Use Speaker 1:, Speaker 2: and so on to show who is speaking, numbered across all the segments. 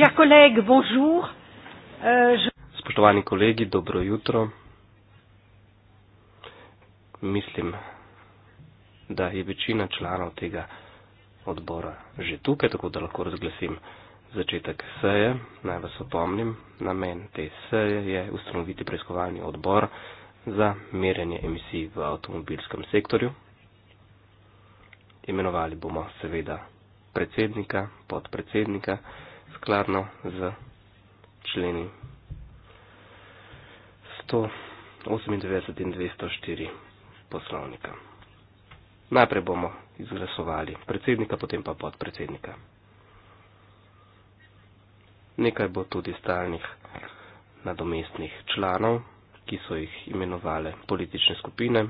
Speaker 1: Chers collègues, bonjour. Euh, je...
Speaker 2: Spoštovani kolegi, dobro jutro. Mislim, da je večina članov tega odbora že tukaj, tako da lahko razglasim začetek seje. Naj vas opomnim, namen te seje je ustanoviti preiskovalni odbor za merjanje emisij v avtomobilskem sektorju. Imenovali bomo seveda predsednika, podpredsednika skladno z členi 198 in 204 poslovnika. Najprej bomo izglasovali predsednika, potem pa podpredsednika. Nekaj bo tudi stalnih nadomestnih članov, ki so jih imenovali politične skupine.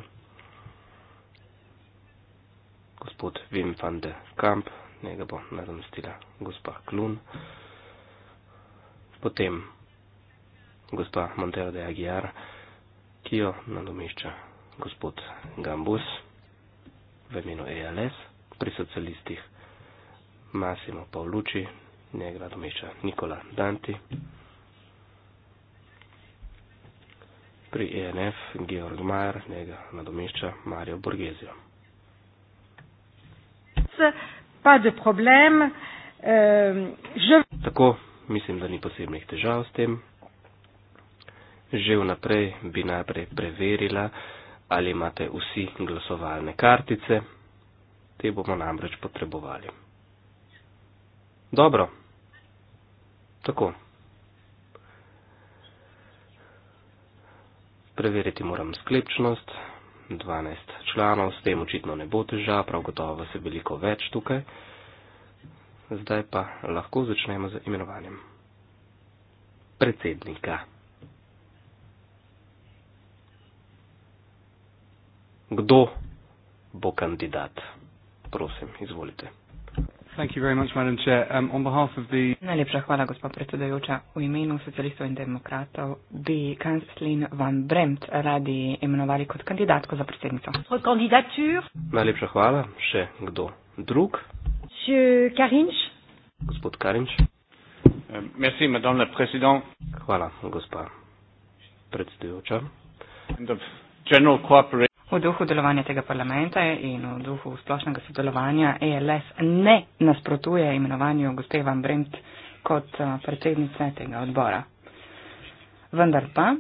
Speaker 2: Gospod Wim van de Kamp, njega bo nadomestila gospa Klun. Potem gospa Montero de Aguiar, ki jo nadomešča gospod Gambus v imenu ELS pri socialistih Massimo Pavluči, njega nadomešča Nikola Danti. Pri ENF Georg Majer, njega nadomešča Mario Borgezio.
Speaker 1: Euh,
Speaker 2: Tako, mislim, da ni posebnih težav s tem. Že vnaprej bi najprej preverila, ali imate vsi glasovalne kartice. Te bomo namreč potrebovali. Dobro. Tako. Preveriti moram sklepčnost, 12 članov, s tem očitno ne bo težava, prav gotovo vas je veliko več tukaj. Zdaj pa lahko začnemo z imenovanjem predsednika. Kdo bo kandidat? Prosim, izvolite. Um, Najlepša
Speaker 1: hvala, gospa predsedajoča. V imenu socialistov in demokratov bi kanclerin van Bremt radi imenovali kot kandidatko za predsednico.
Speaker 2: Najlepša hvala. Še kdo drug? Karinč. Gospod Karinč. Eh, merci, hvala, gospa predsedujoča.
Speaker 1: V duhu delovanja tega parlamenta in v duhu splošnega sodelovanja ELS ne nasprotuje imenovanju gospe Van Brent kot eh, predsednice tega odbora. Vendar pa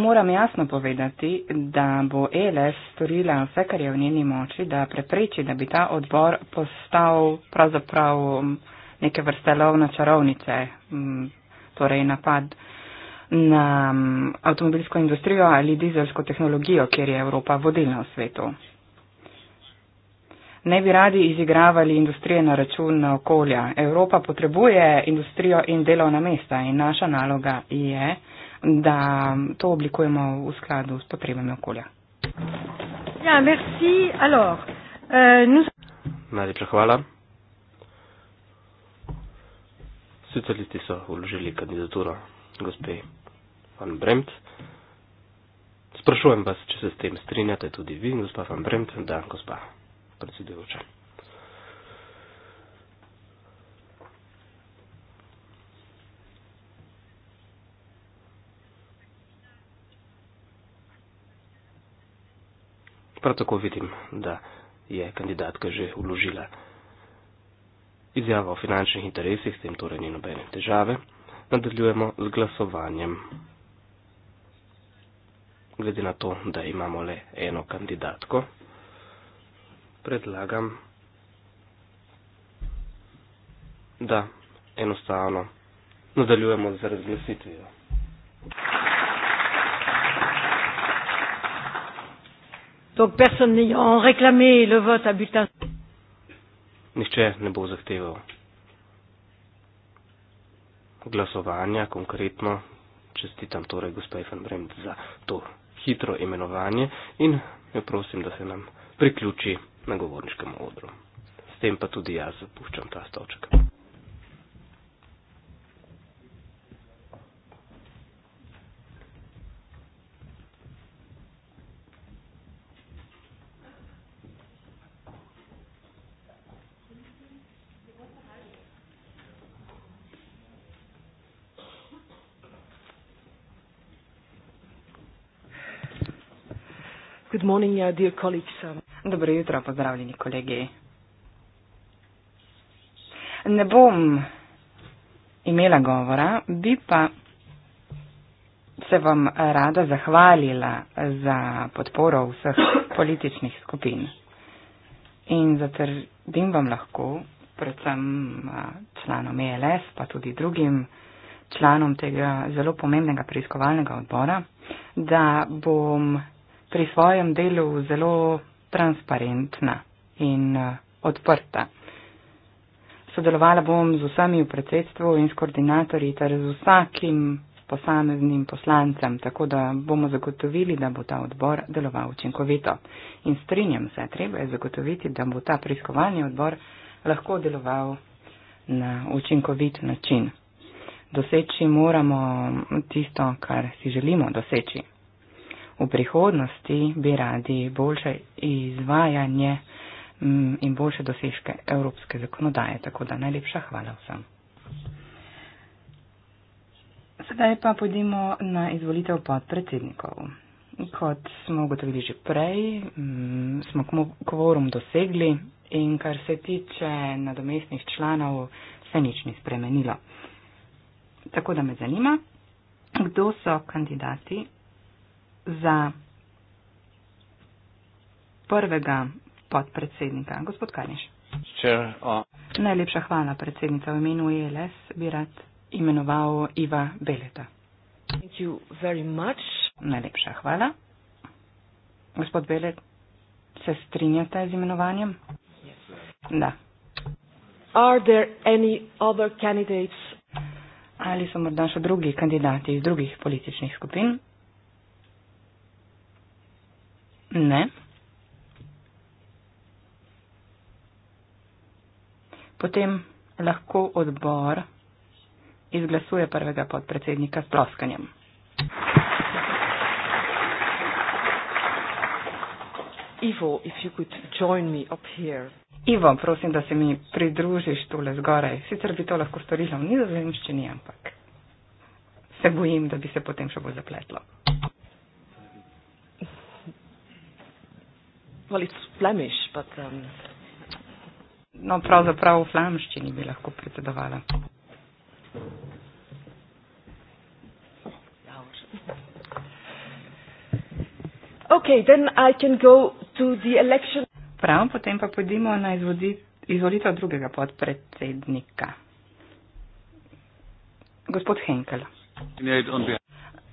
Speaker 1: moram jasno povedati, da bo ELS storila vse, kar je v njeni moči, da prepreči, da bi ta odbor postal pravzaprav mm, neke vrste lovna čarovnice, mm, torej napad na avtomobilsko industrijo ali dizelsko tehnologijo, kjer je Evropa vodilna v svetu. Ne bi radi izigravali industrije na račun okolja. Evropa potrebuje industrijo in delovna mesta in naša naloga je, da to oblikujemo v skladu s potrebami okolja. Ja, merci. Alors,
Speaker 2: uh, nous... Najlepša hvala. Socialisti so vložili kandidaturo gospe van Bremt. Sprašujem vas, če se s tem strinjate tudi vi, gospa van Bremt, da, gospa predsedujoča. Prav tako vidim, da je kandidatka že vložila izjavo o finančnih interesih, s tem torej ni nobene težave nadaljujemo z glasovanjem. Glede na to, da imamo le eno kandidatko, predlagam, da enostavno nadaljujemo z razglasitvijo.
Speaker 1: Donc personne n'ayant réclamé le vote à butin.
Speaker 2: Nihče ne bo zahteval glasovanja konkretno. Čestitam torej gospe Fenbremt za to hitro imenovanje in jo prosim, da se nam priključi na govorniškem odru. S tem pa tudi jaz zapuščam ta stavček.
Speaker 1: Good morning, uh, dear colleagues. Um, Dobro jutro, pozdravljeni kolegi. Ne bom imela govora, bi pa se vam rada zahvalila za podporo vseh političnih skupin. In zatrdim vam lahko, predvsem uh, članom ELS, pa tudi drugim članom tega zelo pomembnega preiskovalnega odbora, da bom pri svojem delu zelo transparentna in eh, odprta. Sodelovala bom z vsemi v predsedstvu in s koordinatorji ter z vsakim posameznim poslancem, tako da bomo zagotovili, da bo ta odbor deloval učinkovito. In strinjam se, treba je zagotoviti, da bo ta preiskovalni odbor lahko deloval na učinkovit način. Doseči moramo tisto, kar si želimo doseči v prihodnosti bi radi boljše izvajanje mm, in boljše dosežke evropske zakonodaje. Tako da najlepša hvala vsem. Sedaj pa pojdimo na izvolitev podpredsednikov. Kot smo ugotovili že prej, mm, smo kvorum dosegli in kar se tiče nadomestnih članov, se nič ni spremenilo. Tako da me zanima, kdo so kandidati za prvega podpredsednika. Gospod Kaniš.
Speaker 2: Uh,
Speaker 1: Najlepša hvala, predsednica. V imenu ELS bi rad imenoval Iva Beleta. Najlepša hvala. Gospod Belet, se strinjate z imenovanjem? Yes, da. Ali so morda še drugi kandidati iz drugih političnih skupin? Ne. Potem lahko odbor izglasuje prvega podpredsednika s ploskanjem. Ivo, if you could join me up here. Ivo, prosim, da se mi pridružiš tole zgoraj. Sicer bi to lahko storila v nizozemščini, ampak se bojim, da bi se potem še bolj zapletlo. Well, it's Flemish, but... Um... No, pravzaprav v flamščini bi lahko predsedovala. Okay, then I can go to the election. Prav, potem pa pojdimo na izvolitev drugega podpredsednika. Gospod Henkel.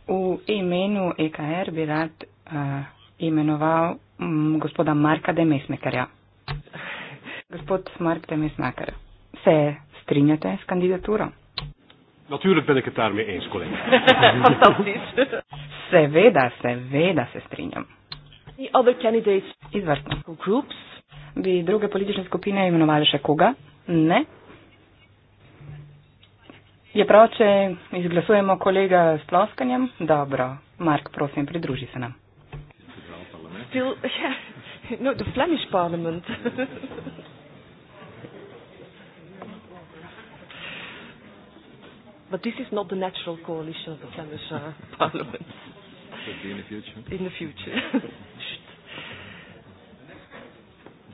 Speaker 1: V imenu EKR bi rad uh, imenoval m, mm, gospoda Marka Demesmekarja. Gospod Mark Demesmekar, se strinjate s kandidaturo?
Speaker 2: Natürlich bin ich da mit eins, Kollege. Fantastisch.
Speaker 1: Seveda, seveda se strinjam. The other candidates. Izvrstno. Groups. Bi druge politične skupine imenovali še koga? Ne. Je prav, če izglasujemo kolega s ploskanjem? Dobro. Mark, prosim, pridruži se nam
Speaker 2: still,
Speaker 1: yeah, no, the Flemish Parliament. but this is not the natural coalition of the Flemish uh, Parliament. Could be in the future. In the future.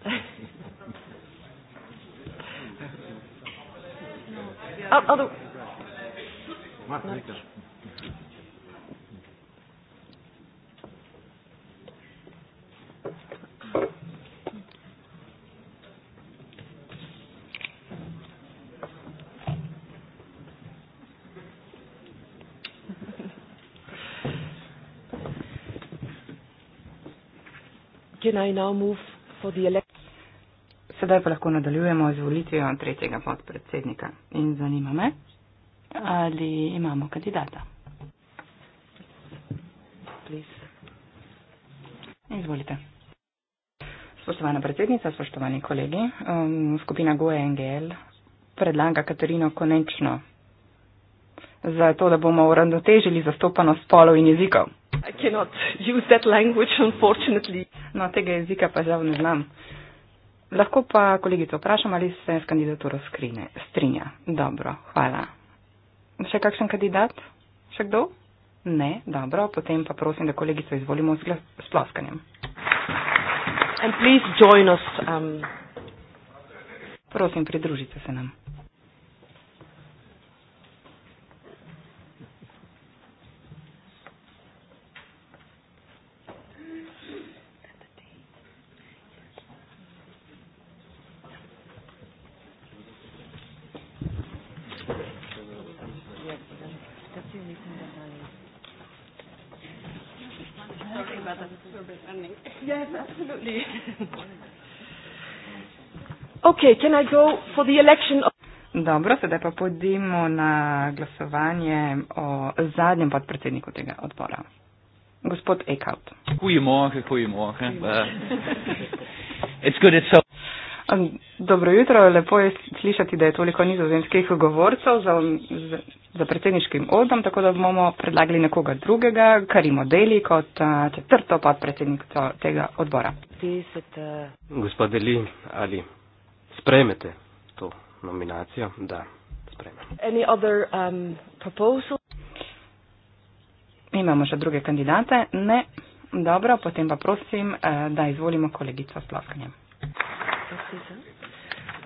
Speaker 2: Other. Mark, no.
Speaker 1: Sedaj pa lahko nadaljujemo z volitvijo tretjega podpredsednika. In zanima me, ali imamo kandidata. Please. Izvolite. Spoštovana predsednica, spoštovani kolegi, um, skupina Goe NGL predlaga Katarino konečno za to, da bomo uravnotežili zastopanost spolov in jezikov. I cannot use that language, unfortunately. No, tega jezika pa žal ne znam. Lahko pa kolegico vprašam, ali se s kandidaturo skrine. strinja. Dobro, hvala. Še kakšen kandidat? Še kdo? Ne, dobro. Potem pa prosim, da kolegico izvolimo z, glas, z ploskanjem. Um, prosim, pridružite se nam. okay, can I go for the election of Dobro, sedaj pa pojdimo na glasovanje o zadnjem podpredsedniku tega odbora. Gospod Eckhout. Kujmo, kujmo, kujmo. It's good it's so. Dobro jutro, lepo je slišati, da je toliko nizozemskih govorcev za, za predsedniškim odom, tako da bomo predlagali nekoga drugega, Karimo Deli kot četrto podpredsednik tega odbora.
Speaker 2: Gospod Deli, ali sprejmete to nominacijo? Da, sprejmem.
Speaker 1: Um, imamo še druge kandidate? Ne. Dobro, potem pa prosim, eh, da izvolimo kolegico Slovakinjo. Precies, hè?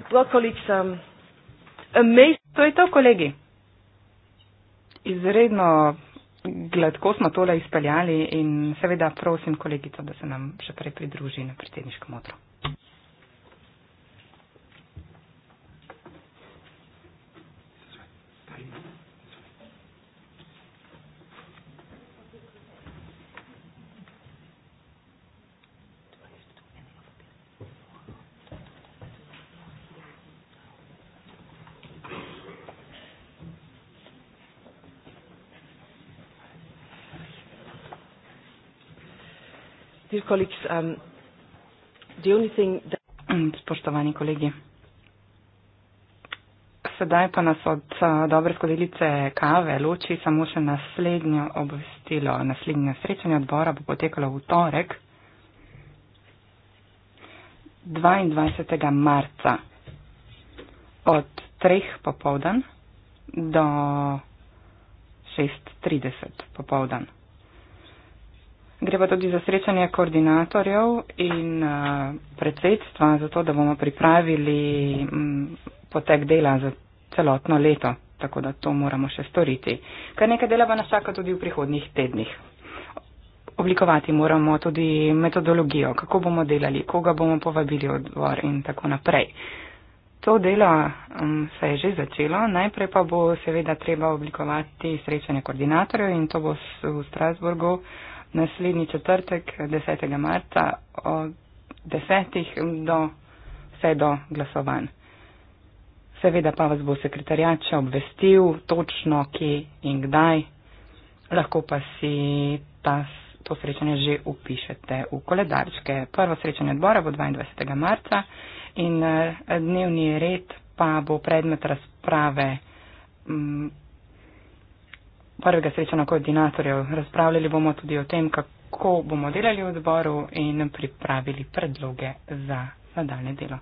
Speaker 1: Wel, colleagues, um, een meester, weet je collega? Izredno gladko smo tole izpeljali in seveda prosim kolegico, da se nam še prej pridruži na predsedniškem otroku. Um, mm, spoštovani kolegi. Sedaj pa nas od uh, dobre skodelice kave loči samo še naslednjo obvestilo. Naslednje srečanje odbora bo potekalo v torek 22. marca od 3. popovdan do 6.30 popovdan. Gre pa tudi za srečanje koordinatorjev in eh, predsedstva, zato da bomo pripravili mm, potek dela za celotno leto, tako da to moramo še storiti. Kar nekaj dela pa nas čaka tudi v prihodnih tednih. Oblikovati moramo tudi metodologijo, kako bomo delali, koga bomo povabili v odbor in tako naprej. To delo um, se je že začelo, najprej pa bo seveda treba oblikovati srečanje koordinatorjev in to bo v Strasburgu uh, naslednji četrtek, 10. marca, od 10. do vse do glasovanj. Seveda pa vas bo sekretarjat še obvestil točno, kje in kdaj, lahko pa si ta, to srečanje že upišete v koledarčke. Prvo srečanje odbora bo 22. marca in eh, dnevni red pa bo predmet razprave. Mm, prvega srečanja koordinatorjev. Razpravljali bomo tudi o tem, kako bomo delali v odboru in pripravili predloge za nadaljne delo.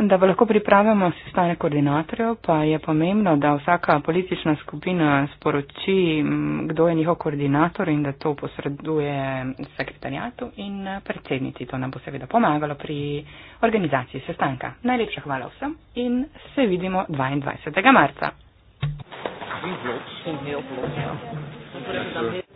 Speaker 1: Da pa lahko pripravimo sestanek koordinatorjev, pa je pomembno, da vsaka politična skupina sporoči, kdo je njihov koordinator in da to posreduje sekretarjatu in eh, predsednici. To nam bo seveda pomagalo pri organizaciji sestanka. Najlepša hvala vsem in se vidimo 22. marca.
Speaker 2: Thank you.